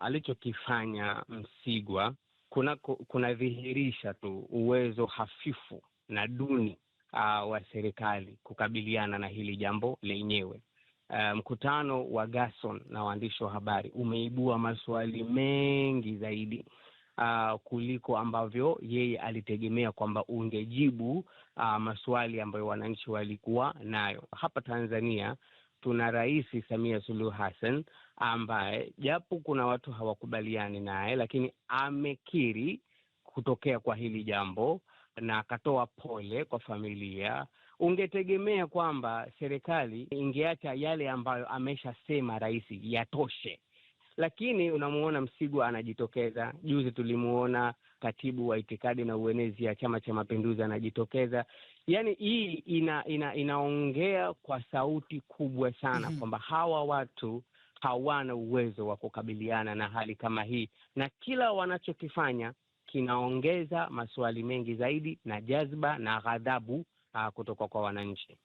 alichokifanya Msigwa kunadhihirisha kuna tu uwezo hafifu na duni uh, wa serikali kukabiliana na hili jambo lenyewe. Uh, mkutano wa Gerson na waandishi wa habari umeibua maswali mengi zaidi uh, kuliko ambavyo yeye alitegemea kwamba ungejibu uh, maswali ambayo wananchi walikuwa nayo hapa Tanzania tuna Rais Samia Suluhu Hassan ambaye japo kuna watu hawakubaliani naye, lakini amekiri kutokea kwa hili jambo na akatoa pole kwa familia. Ungetegemea kwamba serikali ingeacha yale ambayo ameshasema rais yatoshe, lakini unamuona Msigwa anajitokeza. Juzi tulimuona katibu wa itikadi na uenezi ya Chama cha Mapinduzi anajitokeza. Yani hii ina, ina, inaongea kwa sauti kubwa sana mm-hmm. kwamba hawa watu hawana uwezo wa kukabiliana na hali kama hii, na kila wanachokifanya kinaongeza maswali mengi zaidi na jazba na ghadhabu ah, kutoka kwa wananchi.